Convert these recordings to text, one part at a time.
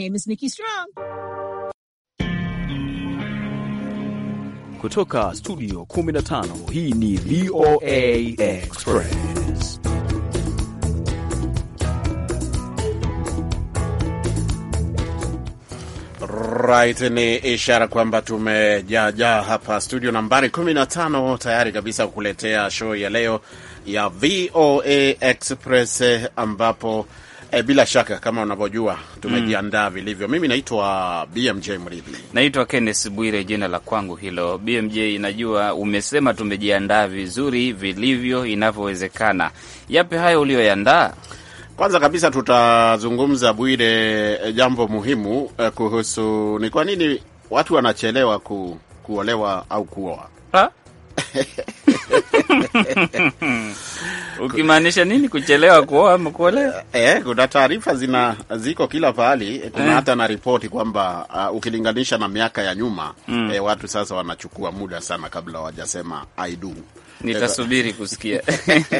Name is Nikki Strong. Kutoka studio 15 hii ni VOA Express. Right, ni ishara kwamba tumejaajaa hapa studio nambari 15 tayari kabisa kukuletea show ya leo ya VOA Express eh, ambapo E, bila shaka kama unavyojua tumejiandaa mm, vilivyo. Mimi naitwa BMJ Mridhi. Naitwa Kenneth Bwire, jina la kwangu hilo. BMJ, najua umesema tumejiandaa vizuri vilivyo inavyowezekana. Yapi hayo uliyoyandaa? Kwanza kabisa tutazungumza Bwire, jambo muhimu eh, kuhusu ni kwa nini watu wanachelewa ku, kuolewa au kuoa ukimaanisha nini? Kuchelewa kuoa ama kuolewa? Eh, eh kuna taarifa zina ziko kila pahali. Eh, kuna eh, hata na ripoti kwamba uh, ukilinganisha na miaka ya nyuma mm, eh, watu sasa wanachukua muda sana kabla wajasema I do Nitasubiri kusikia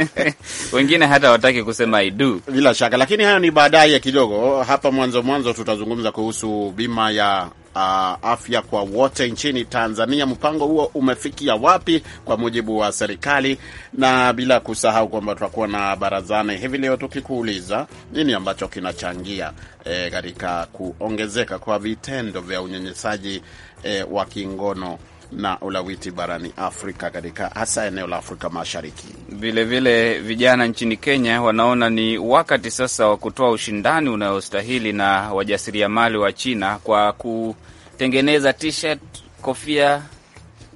wengine hata wataki kusema I do. Bila shaka, lakini hayo ni baadaye kidogo. Hapa mwanzo mwanzo tutazungumza kuhusu bima ya uh, afya kwa wote nchini Tanzania. Mpango huo umefikia wapi kwa mujibu wa serikali? Na bila kusahau kwamba tutakuwa na barazani hivi leo tukikuuliza nini ambacho kinachangia eh, katika kuongezeka kwa vitendo vya unyanyasaji e, wa kingono na ulawiti barani Afrika, katika hasa eneo la Afrika Mashariki. Vilevile vijana nchini Kenya wanaona ni wakati sasa wa kutoa ushindani unaostahili na wajasiriamali wa China kwa kutengeneza t-shirt, kofia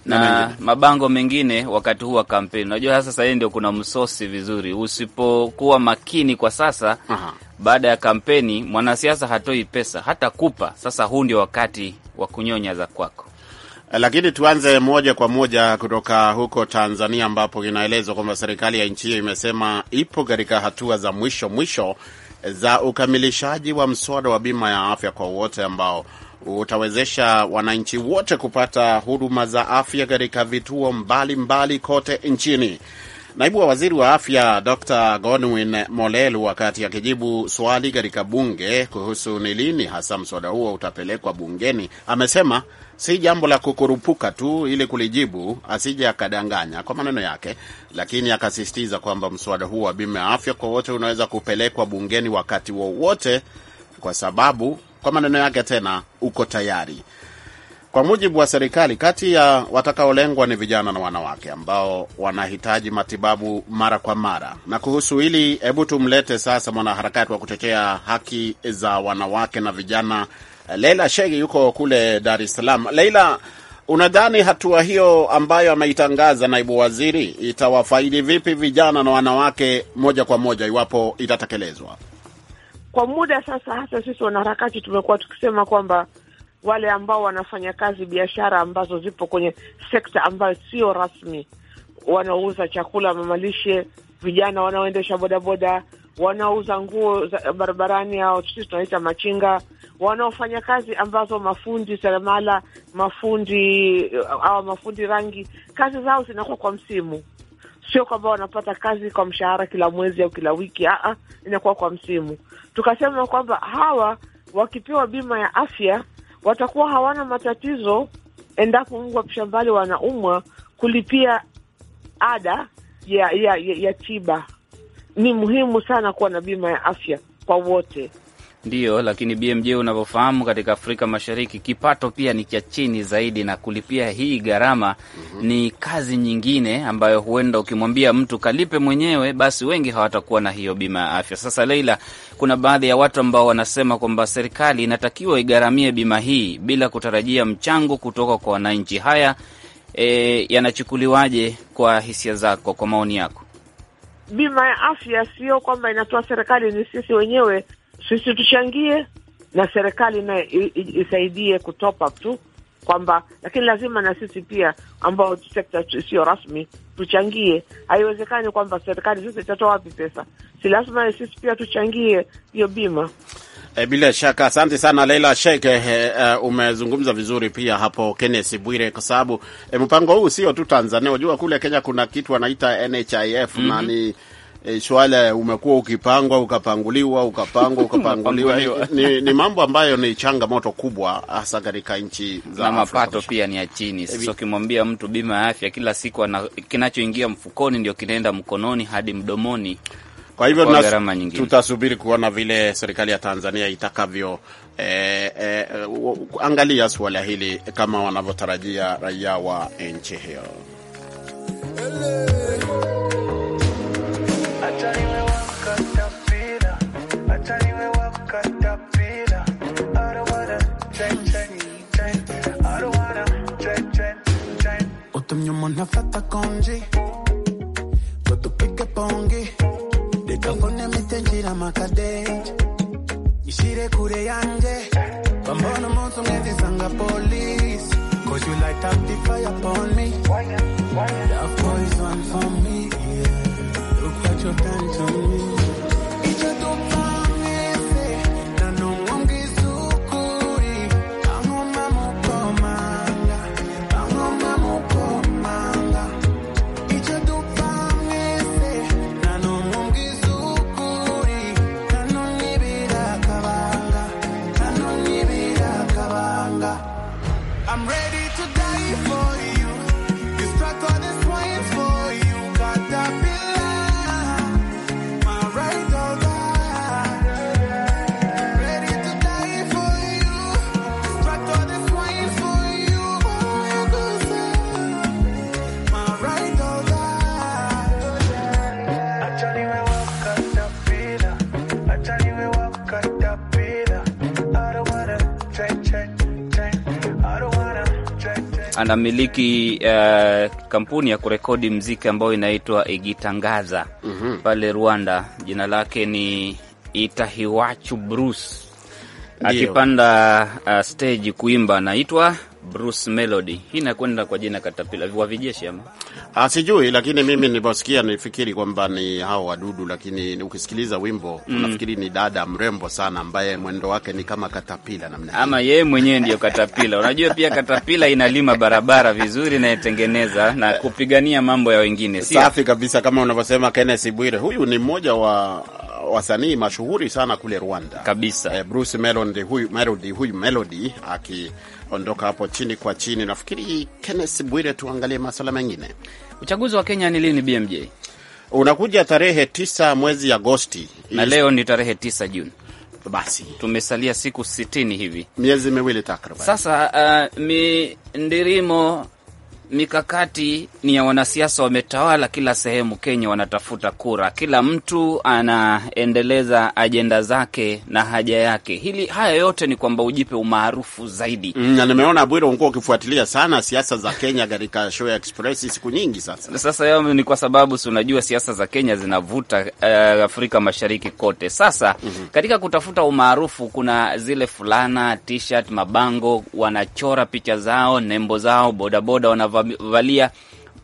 na, na mabango mengine wakati huu wa kampeni. Unajua sasa hii ndio kuna msosi vizuri, usipokuwa makini kwa sasa. Aha. Baada ya kampeni mwanasiasa hatoi pesa hata kupa. Sasa huu ndio wakati wa kunyonya za kwako. Lakini tuanze moja kwa moja kutoka huko Tanzania, ambapo inaelezwa kwamba serikali ya nchi hiyo imesema ipo katika hatua za mwisho mwisho za ukamilishaji wa mswada wa bima ya afya kwa wote ambao utawezesha wananchi wote kupata huduma za afya katika vituo mbalimbali mbali kote nchini. Naibu wa waziri wa afya Dr Godwin Molelu, wakati akijibu swali katika bunge kuhusu ni lini hasa mswada huo utapelekwa bungeni, amesema si jambo la kukurupuka tu ili kulijibu, asije akadanganya kwa maneno yake, lakini akasisitiza kwamba mswada huu wa bima ya afya kwa wote unaweza kupelekwa bungeni wakati wowote wa kwa sababu, kwa maneno yake tena, uko tayari. Kwa mujibu wa serikali, kati ya watakaolengwa ni vijana na wanawake ambao wanahitaji matibabu mara kwa mara. Na kuhusu hili, hebu tumlete sasa mwanaharakati wa kutetea haki za wanawake na vijana Leila Shege yuko kule Dar es Salaam. Leila, unadhani hatua hiyo ambayo ameitangaza naibu waziri itawafaidi vipi vijana na wanawake moja kwa moja iwapo itatekelezwa? Kwa muda sasa, hasa sisi wanaharakati tumekuwa tukisema kwamba wale ambao wanafanya kazi biashara ambazo zipo kwenye sekta ambayo sio rasmi, wanaouza chakula, mamalishe, vijana wanaoendesha bodaboda wanaouza nguo za barabarani, hao sisi tunaita machinga, wanaofanya kazi ambazo mafundi seremala, mafundi uh, au mafundi rangi, kazi zao zinakuwa kwa msimu. Sio kwamba wanapata kazi kwa mshahara kila mwezi au kila wiki, Aa, inakuwa kwa msimu. Tukasema kwamba hawa wakipewa bima ya afya watakuwa hawana matatizo endapo mbwa shambani wanaumwa kulipia ada ya ya, ya, ya tiba ni muhimu sana kuwa na bima ya afya kwa wote. Ndiyo, lakini BMJ, unavyofahamu katika Afrika Mashariki kipato pia ni cha chini zaidi, na kulipia hii gharama mm -hmm. ni kazi nyingine ambayo huenda ukimwambia mtu kalipe mwenyewe, basi wengi hawatakuwa na hiyo bima ya afya. Sasa Leila, kuna baadhi ya watu ambao wanasema kwamba serikali inatakiwa igharamie bima hii bila kutarajia mchango kutoka kwa wananchi. Haya e, yanachukuliwaje kwa hisia zako, kwa maoni yako? bima ya afya sio kwamba inatoa serikali, ni sisi wenyewe, sisi tuchangie na serikali nayo isaidie kutopa up tu kwamba, lakini lazima na sisi pia ambao sekta sio rasmi tuchangie. Haiwezekani kwamba serikali sasa itatoa wapi pesa? Si lazima sisi pia tuchangie hiyo bima. E, bila shaka asante sana Leila Sheikh. Uh, umezungumza vizuri pia hapo Kenneth Bwire, kwa sababu e, mpango huu sio tu Tanzania. Unajua kule Kenya kuna kitu wanaita NHIF mm -hmm. na ni e, swala umekuwa ukipangwa ukapanguliwa ukapangwa ukapanguliwa ni, ni mambo ambayo ni changamoto kubwa hasa katika nchi za na mapato pia ni ya chini. Sasa ukimwambia mtu bima ya afya kila siku, kinachoingia mfukoni ndio kinaenda mkononi hadi mdomoni kwa hivyo kwa tutasubiri kuona vile serikali ya Tanzania itakavyo eh, eh, angalia suala hili kama wanavyotarajia raia wa nchi hiyo. ngira makadenti ishire kure yanjye bambona umunsi umwe zisanga polisi cause you light up the fire upon me that poison for me yeah. look what you've done to me anamiliki uh, kampuni ya kurekodi mziki ambayo inaitwa Igitangaza mm -hmm. pale Rwanda. Jina lake ni Itahiwachu Bruce, akipanda uh, stage kuimba anaitwa Bruce Melody. Hii inakwenda kwa jina katapila wa vijeshi ama? Ah, sijui lakini mimi niliposikia nifikiri kwamba ni hao wadudu, lakini ukisikiliza wimbo mm, unafikiri ni dada mrembo sana ambaye mwendo wake ni kama katapila namna hiyo. Ama yeye mwenyewe ndio katapila. Unajua pia katapila inalima barabara vizuri na itengeneza na kupigania mambo ya wengine. Safi kabisa kama unavyosema Kenneth Bwire. Huyu ni mmoja wa wasanii mashuhuri sana kule Rwanda kabisa. Eh, Bruce Melody huyu, Melody huyu Melody akiondoka hapo chini kwa chini. Nafikiri Kenneth Bwire, tuangalie masuala mengine. Uchaguzi wa Kenya ni lini BMJ? Unakuja tarehe tisa mwezi Agosti na leo ni tarehe tisa Juni. Basi tumesalia siku sitini hivi, miezi miwili takriban. Sasa uh, eh, mindirimo mikakati ni ya wanasiasa, wametawala kila sehemu Kenya, wanatafuta kura, kila mtu anaendeleza ajenda zake na haja yake. Hili haya yote ni kwamba ujipe umaarufu zaidi mm, na nimeona Bwiro ukuwa ukifuatilia sana siasa za Kenya katika show ya Express siku nyingi sasa. Sasa yao ni kwa sababu si unajua siasa za Kenya zinavuta uh, Afrika Mashariki kote sasa. mm -hmm. Katika kutafuta umaarufu kuna zile fulana, t-shirt, mabango, wanachora picha zao, nembo zao, bodaboda wana wanavyovalia.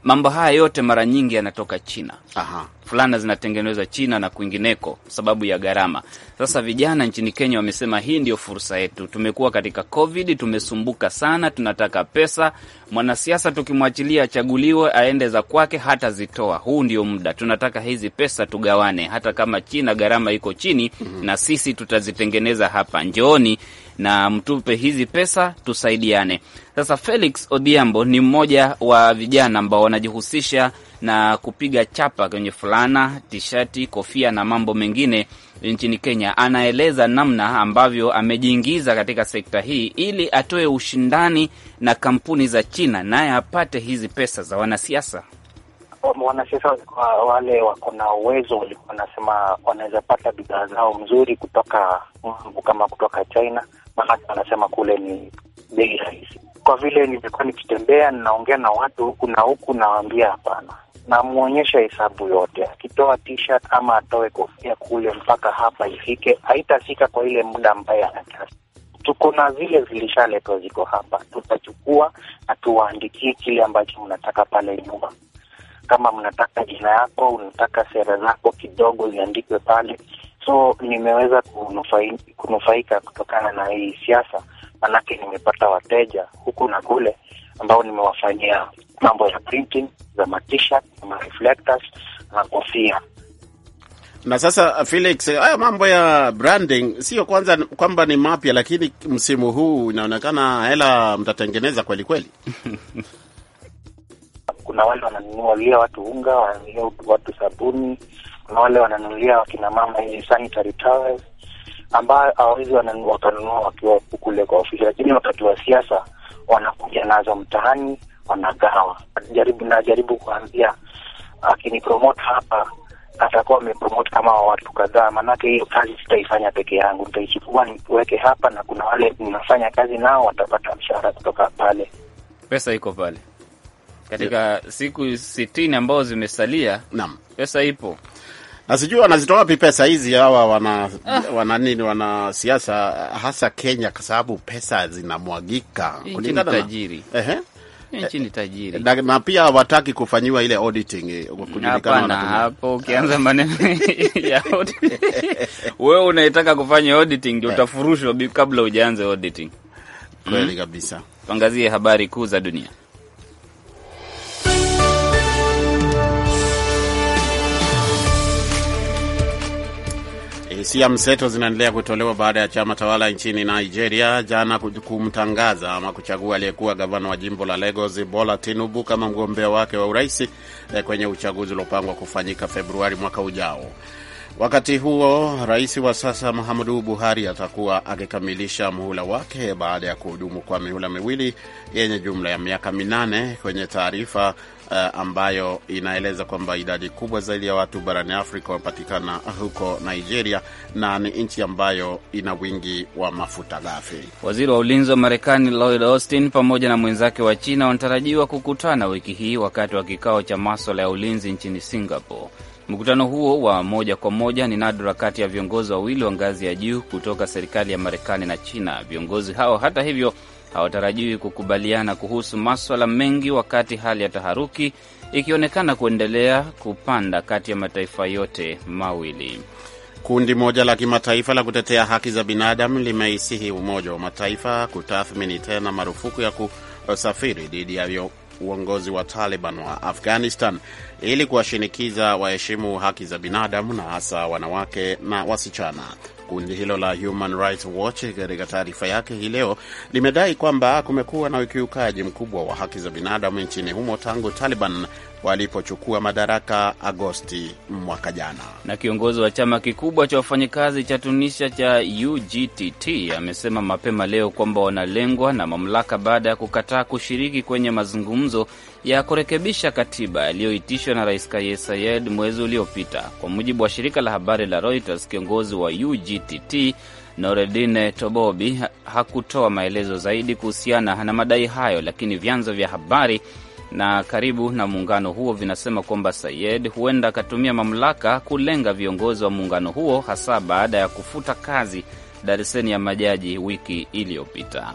Mambo haya yote mara nyingi yanatoka China. Aha fulana zinatengenezwa China na kwingineko sababu ya gharama. Sasa vijana nchini Kenya wamesema hii ndio fursa yetu. Tumekuwa katika Covid, tumesumbuka sana, tunataka pesa. Mwanasiasa tukimwachilia achaguliwe aende za kwake, hata zitoa. Huu ndio muda, tunataka hizi pesa tugawane, hata kama China gharama iko chini mm -hmm. na sisi tutazitengeneza hapa, njooni na mtupe hizi pesa tusaidiane. Sasa Felix Odhiambo ni mmoja wa vijana ambao wanajihusisha na kupiga chapa kwenye fulana, tishati, kofia na mambo mengine nchini Kenya. Anaeleza namna ambavyo amejiingiza katika sekta hii ili atoe ushindani na kampuni za China, naye apate hizi pesa za wanasiasa. Wanasiasa wale wako na uwezo, walikuwa wanasema wanaweza pata bidhaa zao mzuri kutoka mambo kama kutoka China, maanake wanasema kule ni bei rahisi. Kwa vile nimekuwa nikitembea, ninaongea na watu huku na huku, nawaambia hapana namwonyesha hesabu yote, akitoa t-shirt ama atoe kofia kule mpaka hapa ifike, haitafika kwa ile muda ambaye anataka. Tuko na zile zilishaletwa ziko hapa, tutachukua na tuwaandikie kile ambacho mnataka pale nyuma. Kama mnataka jina yako, unataka sera zako kidogo ziandikwe pale. So nimeweza kunufaika kutokana na hii siasa, manake nimepata wateja huku na kule ambao nimewafanyia mambo ya printing za matisha na reflectors na kofia. Na sasa uh, Felix, uh, haya mambo ya branding sio kwanza kwamba ni mapya, lakini msimu huu inaonekana hela mtatengeneza kweli kweli. Kuna wale wananunulia watu unga, wananunulia watu sabuni, kuna wale wananunulia wakina mama hizi sanitary towels ambayo hawawezi wakanunua wakiwa kule kwa ofisi, lakini wakati wa siasa wanakuja nazo mtaani wanagawa. Jaribu najaribu kuambia promote hapa atakuwa amepromote kama watu kadhaa, maanake hiyo kazi sitaifanya peke yangu, nitaichukua niweke hapa, na kuna wale ninafanya kazi nao watapata mshahara kutoka pale. Pesa iko pale katika yeah. siku sitini ambazo zimesalia, naam, pesa ipo na sijui wanazitoa wapi pesa hizi hawa wana, ah. wana nini wanasiasa hasa Kenya, kwa sababu pesa zinamwagika kulingana na nchini tajiri na, na pia hawataki kufanyiwa ile auditing eh, kujulikana. Hapo ukianza maneno ya auditing, wewe unaitaka kufanya auditing ndio eh. utafurushwa kabla ujaanze auditing. Kweli hmm? kabisa. Tuangazie habari kuu za dunia. Hisia mseto zinaendelea kutolewa baada ya chama tawala nchini Nigeria jana kumtangaza ama kuchagua aliyekuwa gavana wa jimbo la Lagos Bola Tinubu kama mgombea wake wa urais eh, kwenye uchaguzi uliopangwa kufanyika Februari mwaka ujao. Wakati huo rais wa sasa Muhammadu Buhari atakuwa akikamilisha muhula wake baada ya kuhudumu kwa mihula miwili yenye jumla ya miaka minane. Kwenye taarifa uh, ambayo inaeleza kwamba idadi kubwa zaidi ya watu barani Afrika wamepatikana huko Nigeria na ni nchi ambayo ina wingi wa mafuta ghafi. Waziri wa ulinzi wa Marekani Lloyd Austin pamoja na mwenzake wa China wanatarajiwa kukutana wiki hii wakati wa kikao cha maswala ya ulinzi nchini Singapore. Mkutano huo wa moja kwa moja ni nadra kati ya viongozi wawili wa ngazi ya juu kutoka serikali ya Marekani na China. Viongozi hao hata hivyo hawatarajiwi kukubaliana kuhusu maswala mengi, wakati hali ya taharuki ikionekana kuendelea kupanda kati ya mataifa yote mawili. Kundi moja la kimataifa la kutetea haki za binadamu limeisihi Umoja wa Mataifa kutathmini tena marufuku ya kusafiri dhidi ya uongozi wa Taliban wa Afghanistan ili kuwashinikiza waheshimu haki za binadamu na hasa wanawake na wasichana. Kundi hilo la Human Rights Watch katika taarifa yake hii leo limedai kwamba kumekuwa na ukiukaji mkubwa wa haki za binadamu nchini humo tangu Taliban walipochukua madaraka Agosti mwaka jana. Na kiongozi wa chama kikubwa cha wafanyakazi cha Tunisia cha UGTT amesema mapema leo kwamba wanalengwa na mamlaka baada ya kukataa kushiriki kwenye mazungumzo ya kurekebisha katiba yaliyoitishwa na Rais Kais Saied mwezi uliopita. Kwa mujibu wa shirika la habari la Reuters, kiongozi wa UGTT Noredine Tobobi hakutoa maelezo zaidi kuhusiana na madai hayo, lakini vyanzo vya habari na karibu na muungano huo vinasema kwamba Sayed huenda akatumia mamlaka kulenga viongozi wa muungano huo hasa baada ya kufuta kazi darseni ya majaji wiki iliyopita.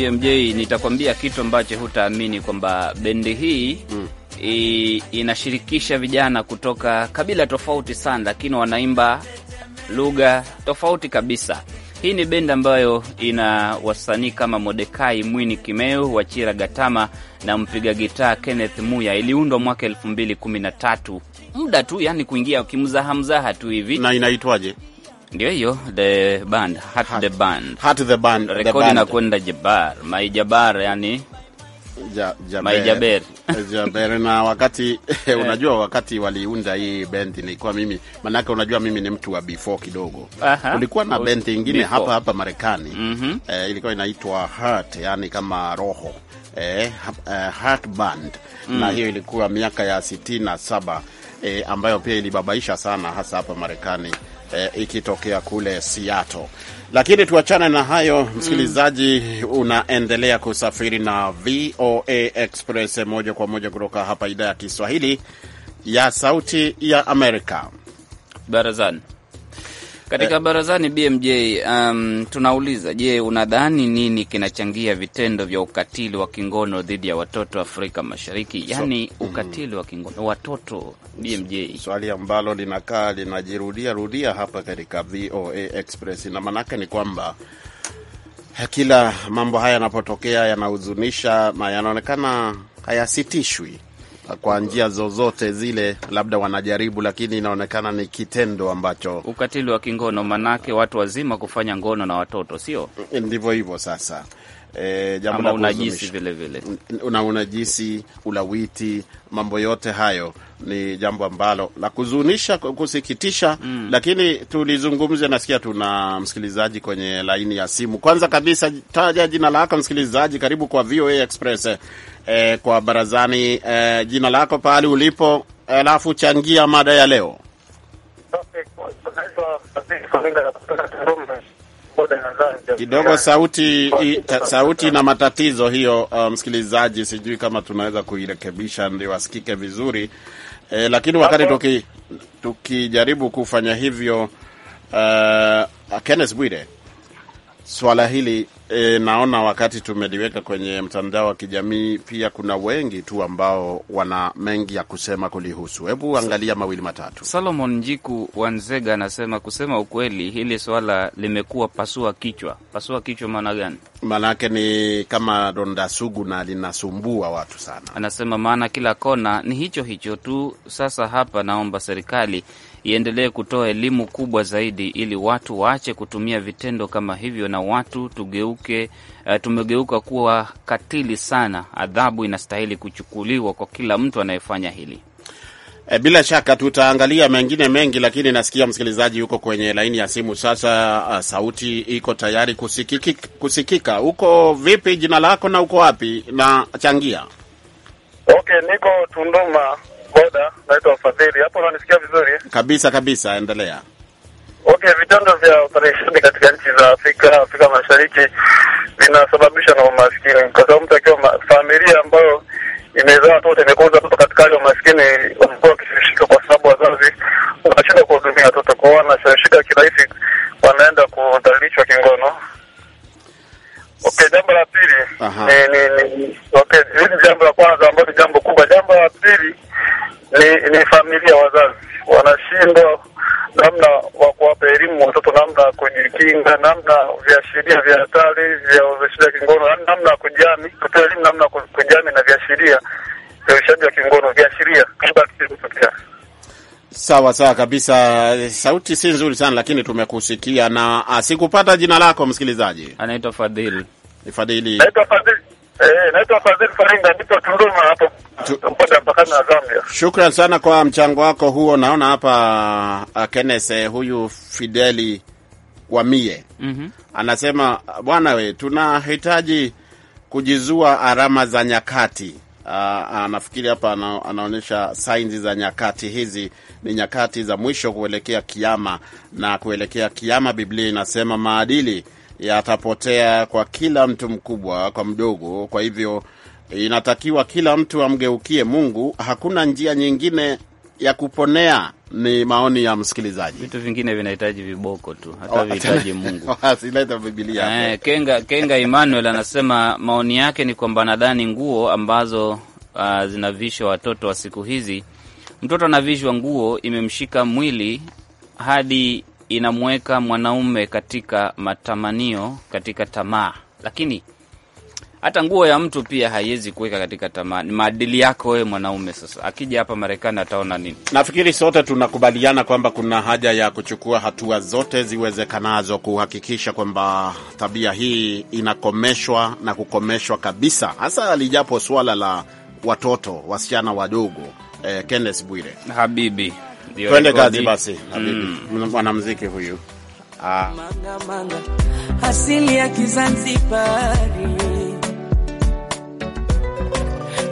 BMJ, nitakwambia kitu ambacho hutaamini kwamba bendi hii mm. i, inashirikisha vijana kutoka kabila tofauti sana, lakini wanaimba lugha tofauti kabisa. Hii ni bendi ambayo ina wasanii kama Modekai Mwini Kimeu, Wachira Gatama na mpiga gitaa Kenneth Muya. Iliundwa mwaka elfu mbili kumi na tatu muda tu, yani kuingia kimzahamzaha tu hivi. Na inaitwaje? Ndio hiyo the band hat, hat the band hat the band rekodi na kwenda Jabar mai Jabar yani ja, Jaber, Jaber. Jaber na wakati yeah. unajua, wakati waliunda hii band nilikuwa mimi, manake unajua mimi ni mtu wa before kidogo. Aha, kulikuwa na band nyingine hapa hapa Marekani mm -hmm. eh, ilikuwa inaitwa hat yani kama roho eh, hat eh, Band mm. na hiyo ilikuwa miaka ya 67 eh, ambayo pia ilibabaisha sana hasa hapa Marekani eh, ikitokea kule Seattle. Lakini tuachane na hayo msikilizaji, mm. Unaendelea kusafiri na VOA Express moja kwa moja kutoka hapa idhaa ya Kiswahili ya Sauti ya Amerika barazani katika eh, barazani BMJ. Um, tunauliza je, unadhani nini kinachangia vitendo vya ukatili wa kingono dhidi ya watoto Afrika Mashariki, yani so, yaani mm-hmm. ukatili wa kingono watoto BMJ, swali ambalo linakaa linajirudia rudia hapa katika VOA Express, na maanake ni kwamba eh, kila mambo haya yanapotokea yanahuzunisha na yanaonekana hayasitishwi kwa njia zozote zile, labda wanajaribu, lakini inaonekana ni kitendo ambacho ukatili wa kingono, manake watu wazima kufanya ngono na watoto, sio ndivyo hivyo sasa Eh, jambo la unajisi vile vile, una unajisi, ulawiti, mambo yote hayo ni jambo ambalo la kuzunisha, kusikitisha mm. Lakini tulizungumze, nasikia tuna msikilizaji kwenye laini ya simu. Kwanza kabisa taja jina lako msikilizaji, karibu kwa VOA Express eh, kwa barazani eh, jina lako pahali ulipo, alafu changia mada ya leo kidogo sauti i, ta, sauti na matatizo hiyo, uh, msikilizaji, um, sijui kama tunaweza kuirekebisha ndio asikike vizuri e, lakini wakati tuki tukijaribu kufanya hivyo uh, Kenneth Bwire, swala hili E, naona wakati tumeliweka kwenye mtandao wa kijamii pia kuna wengi tu ambao wana mengi ya kusema kulihusu. Hebu angalia mawili matatu. Solomon Njiku Wanzega anasema kusema ukweli, hili swala limekuwa pasua kichwa. Pasua kichwa maana gani? Maanake ni kama donda sugu na linasumbua watu sana. Anasema maana kila kona ni hicho hicho tu. Sasa hapa naomba serikali iendelee kutoa elimu kubwa zaidi, ili watu waache kutumia vitendo kama hivyo, na watu tugeuke, uh, tumegeuka kuwa katili sana. Adhabu inastahili kuchukuliwa kwa kila mtu anayefanya hili. Eh, bila shaka tutaangalia mengine mengi, lakini nasikia msikilizaji yuko kwenye laini ya simu sasa. Uh, sauti iko tayari kusikiki, kusikika. Uko vipi? Jina lako na uko wapi? Na changia. Okay, niko Tunduma boda, naitwa Fadhili. Hapo unanisikia vizuri kabisa kabisa, endelea. Okay, vitendo vya operesheni katika nchi za Afrika Afrika Mashariki vinasababishwa na umaskini, kwa sababu mtu akiwa familia ambayo imezaa watoto imekuza watoto katika hali ya umaskini, wamekuwa wakishawishika kwa sababu wazazi wanashinda kuhudumia watoto kwao, wanashawishika kirahisi, wanaenda kudhalilishwa kingono. Okay, jambo la pili eh, ni okay, hili jambo la kwanza ambalo ni jambo kubwa. Jambo la pili ni ni familia, wazazi wanashindwa namna wa kuwapa elimu watoto, namna ya kujikinga, namna viashiria vya hatari vya uzalishaji wa kingono, namna ya kujami, kutoa elimu namna ya kujami na viashiria vya uzalishaji wa kingono. Sawa sawa kabisa, sauti si nzuri sana lakini tumekusikia. Na ah, sikupata jina lako msikilizaji. Anaitwa Fadhili. Ni Fadhili. Naitwa Fadhili. Eh, Faringa, hapo. Mpaka na Zambia. Shukran sana kwa mchango wako huo. Naona hapa ah, kenese eh, huyu Fideli Wamie. mie Mm, anasema bwana we tunahitaji kujizua alama za nyakati Uh, nafikiri hapa ana, anaonyesha sainzi za nyakati hizi ni nyakati za mwisho kuelekea kiama, na kuelekea kiama Biblia inasema maadili yatapotea kwa kila mtu, mkubwa kwa mdogo. Kwa hivyo inatakiwa kila mtu amgeukie Mungu, hakuna njia nyingine ya kuponea ni maoni ya msikilizaji. Vitu vingine vinahitaji viboko tu, hata oh, vihitaji Mungu. Oh, Sileta Biblia. Eh, Kenga, Kenga Emmanuel anasema maoni yake ni kwamba nadhani nguo ambazo uh, ah, zinavishwa watoto wa siku hizi, mtoto anavishwa nguo imemshika mwili hadi inamweka mwanaume katika matamanio, katika tamaa, lakini hata nguo ya mtu pia haiwezi kuweka katika tamani maadili yako wewe mwanaume. Sasa akija hapa Marekani ataona nini? Nafikiri sote tunakubaliana kwamba kuna haja ya kuchukua hatua zote ziwezekanazo kuhakikisha kwamba tabia hii inakomeshwa na kukomeshwa kabisa, hasa lijapo suala la watoto wasichana wadogo. Eh, Kenneth Bwire habibi, twende kazi basi habibi. mm, huyu ah. Manga, manga. Asili ya Kizanzibari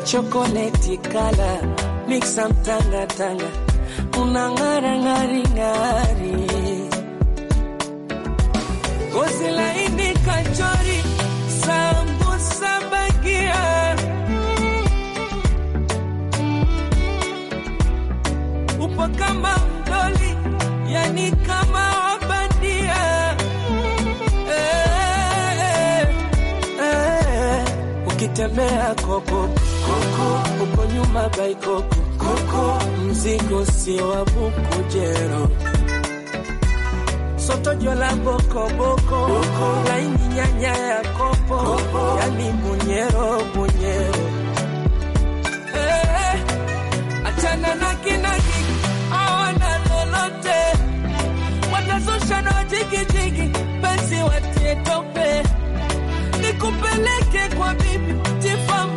chokoleti kala miksa mtangatanga unang'ara ng'aring'ari ngozi laini kachori sambusa bagia upo kama mdoli yani kama wabandia eh, eh, eh. ukitembea uko nyuma baikoko koko, mzigo sio wa jero soto jola boko boko bokoboko laini nyanya ya kopo yani bunyero bunyero eh, achana na kinagi awana lolote wanazoshana jigijigi basi watietope nikupeleke kwa bibi tifa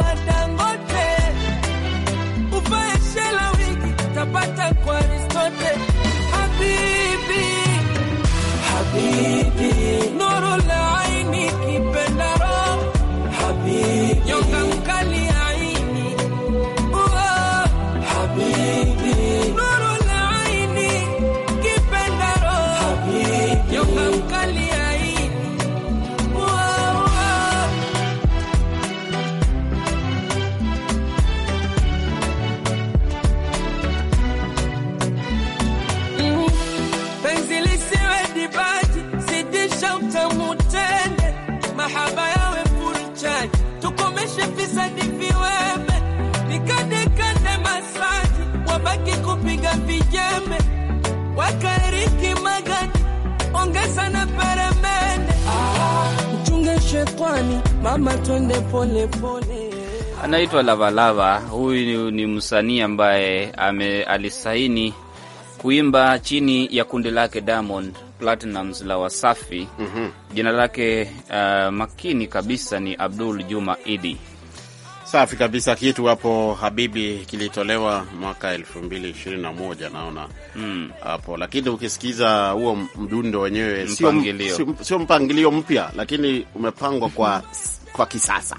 kwani mama twende pole pole. Anaitwa Lavalava. Huyu ni msanii ambaye ame, alisaini kuimba chini ya kundi lake Diamond Platinums la Wasafi. mm -hmm. Jina lake uh, makini kabisa ni Abdul Juma Idi. Safi kabisa kitu hapo Habibi kilitolewa mwaka 2021 naona hmm. hapo mm. Lakini ukisikiza huo mdundo wenyewe sio mpangilio mpya, lakini umepangwa kwa kwa kisasa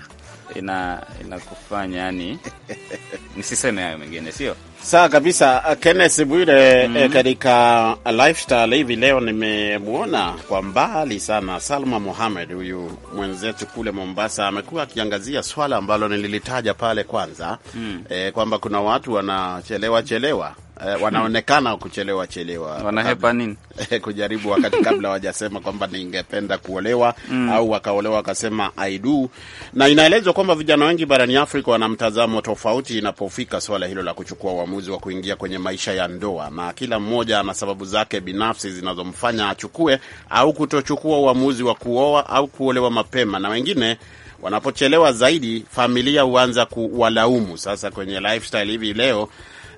ina inakufanya yani nisiseme hayo mengine, sio sawa kabisa. Uh, Kenneth Bwire, mm -hmm. katika lifestyle hivi leo nimemwona kwa mbali sana Salma Mohamed, huyu mwenzetu kule Mombasa, amekuwa akiangazia swala ambalo nililitaja pale kwanza, mm -hmm. E, kwamba kuna watu wanachelewa chelewa eh, wanaonekana kuchelewa chelewa, wanahepa nini kujaribu wakati kabla wajasema kwamba ningependa kuolewa mm, au wakaolewa wakasema I do. Na inaelezwa kwamba vijana wengi barani Afrika wana mtazamo tofauti inapofika swala hilo la kuchukua uamuzi wa kuingia kwenye maisha ya ndoa, na kila mmoja ana sababu zake binafsi zinazomfanya achukue au kutochukua uamuzi wa kuoa au kuolewa mapema, na wengine wanapochelewa zaidi familia huanza kuwalaumu. Sasa kwenye lifestyle hivi leo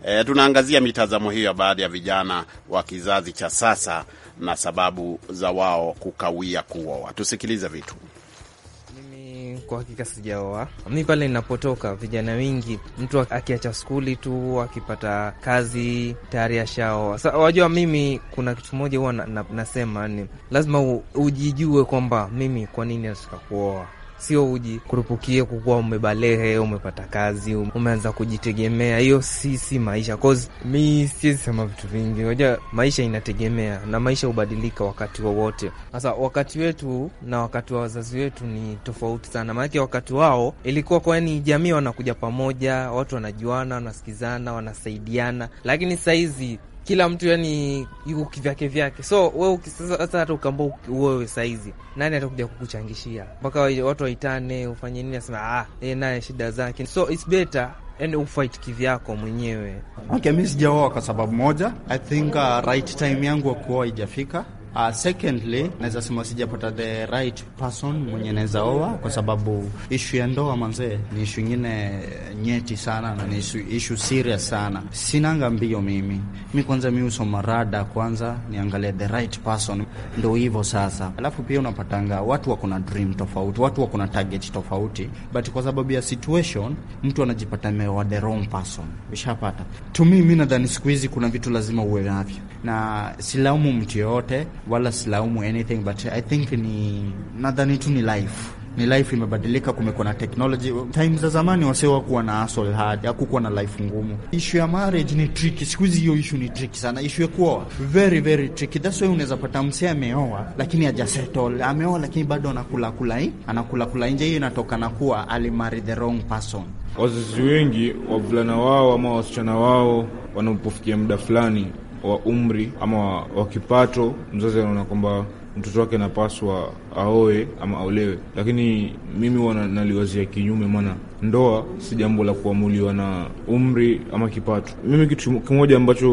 E, tunaangazia mitazamo hiyo baadhi ya vijana wa kizazi cha sasa na sababu za wao kukawia kuoa. Tusikilize vitu. Mimi kwa hakika sijaoa. Mi pale ninapotoka, vijana wengi, mtu akiacha skuli tu akipata kazi tayari ashaoa. Sa wajua, mimi kuna kitu moja huwa na, na, nasema ni lazima u, ujijue kwamba mimi kwa nini nataka kuoa sio ujikurupukie kukuwa umebalehe, umepata kazi, um-, umeanza kujitegemea. Hiyo si si maisha. Cause mi siwezi sema vitu vingi, unajua maisha inategemea na maisha hubadilika wakati wowote wa sasa. Wakati wetu na wakati wa wazazi wetu ni tofauti sana, maanake wakati wao ilikuwa kwani jamii wanakuja pamoja, watu wanajuana, wanasikizana, wanasaidiana, lakini sahizi kila mtu yani yuko kivyake vyake, so we sasa hata ukaambia wewe saizi, nani atakuja kukuchangishia mpaka watu waitane ufanye nini? Asema ah, yeye naye shida zake, so it's better yani ufight kivyako mwenyewe. Okay, mi sijaoa kwa sababu moja, I think uh, right time yangu wa kuoa Uh, secondly naweza sema sijapata the right person mwenye naweza oa, kwa sababu ishu ya ndoa manze ni ishu nyingine nyeti sana na ni ishu serious sana. Sinanga mbio mimi mi, kwanza mi usoma rada kwanza niangalie the right person, ndo hivyo sasa. Alafu pia unapatanga watu wako na dream tofauti, watu wako na target tofauti, but kwa sababu ya situation mtu anajipata ameoa the wrong person. Ushapata to me, mi nadhani siku hizi kuna vitu lazima uwe navyo, na silaumu mtu yoyote wala silaumu anything but I think ni nadhani tu ni life ni life imebadilika, kumekuwa na technology. Time za zamani wase wakuwa na asol hard, hakukuwa na life ngumu. Issue ya marriage ni tricky siku hizi, hiyo issue ni tricky sana. Issue ya kuoa very very tricky, that's why unaweza pata msee ameoa lakini haja settle, ameoa lakini bado anakula kula hii anakula kula nje. Hiyo inatoka na kuwa alimarry the wrong person. Wazazi wengi wavulana wao ama wasichana wao wanapofikia muda fulani wa umri ama wa kipato, mzazi anaona kwamba mtoto wake anapaswa aoe ama aolewe, lakini mimi naliwazia kinyume, maana ndoa si jambo la kuamuliwa na umri ama kipato. Mimi kitu kimoja ambacho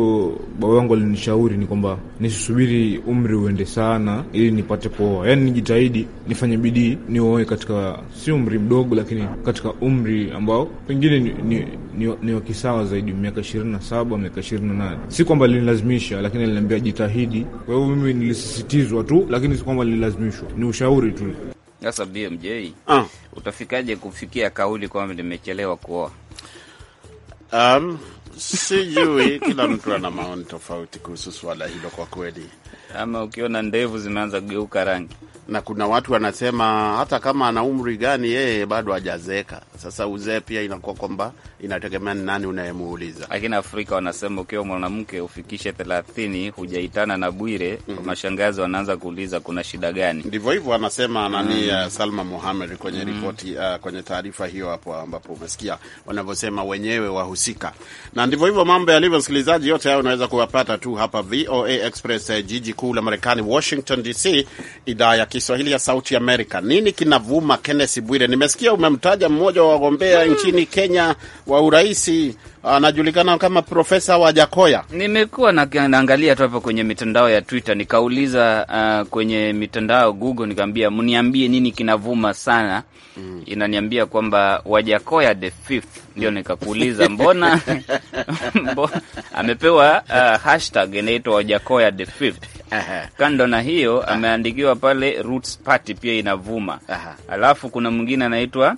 baba yangu alinishauri ni kwamba nisisubiri umri uende sana ili nipate kuoa, yaani nijitahidi nifanye bidii nioe katika si umri mdogo, lakini katika umri ambao pengine ni, ni, ni, ni wa kisawa zaidi, miaka ishirini na saba miaka ishirini na nane Si kwamba linilazimisha, lakini aliniambia jitahidi. Kwa hiyo mimi nilisisitizwa tu, lakini si kwamba nililazimishwa, ni ushauri tu. Sasa BMJ, ah, utafikaje kufikia kauli kwamba nimechelewa kuoa? Um, sijui kila mtu ana maoni tofauti kuhusu swala hilo kwa kweli, ama ukiona ndevu zimeanza kugeuka rangi. Na kuna watu wanasema hata kama ana umri gani, yeye bado hajazeeka. Sasa uzee pia inakuwa kwamba inategemea ni nani unayemuuliza, lakini Afrika wanasema ukiwa mwanamke ufikishe thelathini hujaitana na Bwire mm -hmm. mashangazi wanaanza kuuliza kuna shida gani? Ndivyo hivyo anasema nani? mm -hmm. uh, Salma Muhamed kwenye mm -hmm. ripoti uh, kwenye taarifa hiyo hapo ambapo umesikia wanavyosema wenyewe wahusika, na ndivyo hivyo mambo yalivyo. Msikilizaji, yote hayo unaweza kuwapata tu hapa VOA Express, eh, jiji kuu la Marekani, Washington DC, idhaa ya Kiswahili ya Sauti Amerika. Nini kinavuma, Kennes Bwire? Nimesikia umemtaja mmoja wa wagombea nchini Kenya wa uraisi anajulikana kama Profesa Wajakoya. Nimekuwa naangalia tu hapo kwenye mitandao ya Twitter, nikauliza uh, kwenye mitandao Google, nikaambia mniambie nini kinavuma sana mm. Inaniambia kwamba Wajakoya the fifth ndio mm. nikakuuliza, mbona mbona amepewa uh, hashtag inaitwa Wajakoya the fifth. Kando na hiyo ah. ameandikiwa pale Roots Party pia inavuma. Aha. Alafu kuna mwingine anaitwa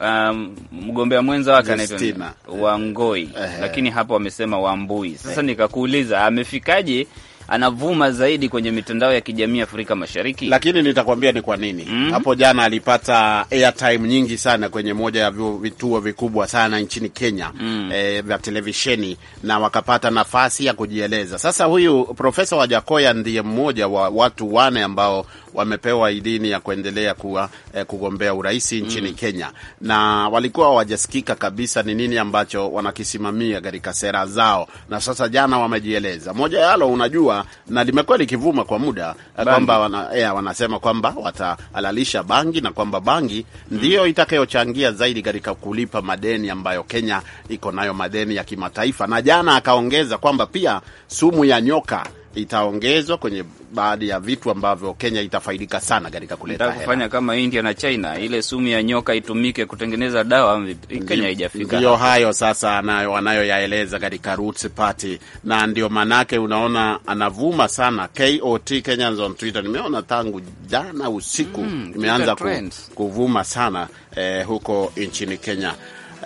um, mgombea mwenza wake anaitwa Wangoi, lakini hapo wamesema Wambui. Sasa nikakuuliza amefikaje anavuma zaidi kwenye mitandao ya kijamii Afrika Mashariki, lakini nitakwambia ni kwa nini. mm -hmm. Hapo jana alipata airtime nyingi sana kwenye moja ya vituo vikubwa sana nchini Kenya mm. e, vya televisheni na wakapata nafasi ya kujieleza. Sasa huyu Profesa Wajakoya ndiye mmoja wa watu wane ambao wamepewa idhini ya kuendelea kuwa, eh, kugombea urais nchini mm. Kenya, na walikuwa hawajasikika kabisa ni nini ambacho wanakisimamia katika sera zao, na sasa jana wamejieleza. Moja yalo unajua, na limekuwa likivuma kwa muda eh, kwamba wana, yeah, wanasema kwamba watahalalisha bangi na kwamba bangi mm. ndiyo itakayochangia zaidi katika kulipa madeni ambayo Kenya iko nayo, madeni ya kimataifa. Na jana akaongeza kwamba pia sumu ya nyoka itaongezwa kwenye baadhi ya vitu ambavyo Kenya itafaidika sana katika kuleta hela. Kufanya kama India na China, ile sumu ya nyoka itumike kutengeneza dawa, Kenya haijafika. hiyo, hayo sasa anayo anayoyaeleza katika Roots Party, na ndio manake unaona anavuma sana KOT Kenyans on Twitter. Nimeona tangu jana usiku mm, imeanza ku, kuvuma sana eh, huko nchini Kenya.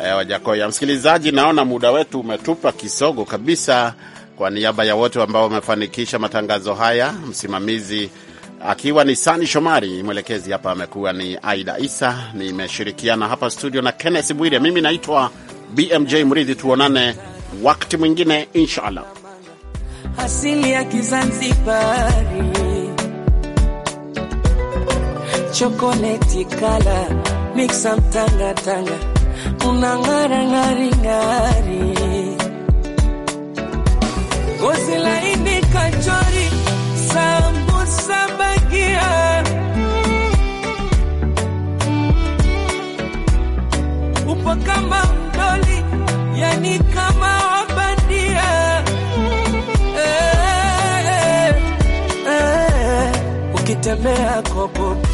Eh, Wajakoya msikilizaji, naona muda wetu umetupa kisogo kabisa. Kwa niaba ya wote ambao wamefanikisha matangazo haya, msimamizi akiwa ni Sani Shomari, mwelekezi hapa amekuwa ni Aida Isa, nimeshirikiana hapa studio na Kenneth Bwire. Mimi naitwa BMJ Mridhi, tuonane wakati mwingine inshallah. Asili ya Kizanzibari, chokoleti kala mixa mtangatanga, unang'ara ng'aring'ari ngozi laini, kachori, sambusa, bagia, upo kama mdoli, yani kama wabandia eh, eh, eh, eh. kopo